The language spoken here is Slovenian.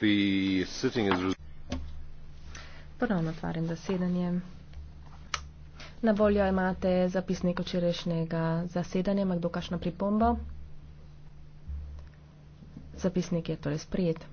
The sitting is Ponovno otvarjam zasedanje. Na voljo imate zapisnik včerajšnjega zasedanja. Ima kdo kakšno pripombo? Zapisnik je torej sprejet.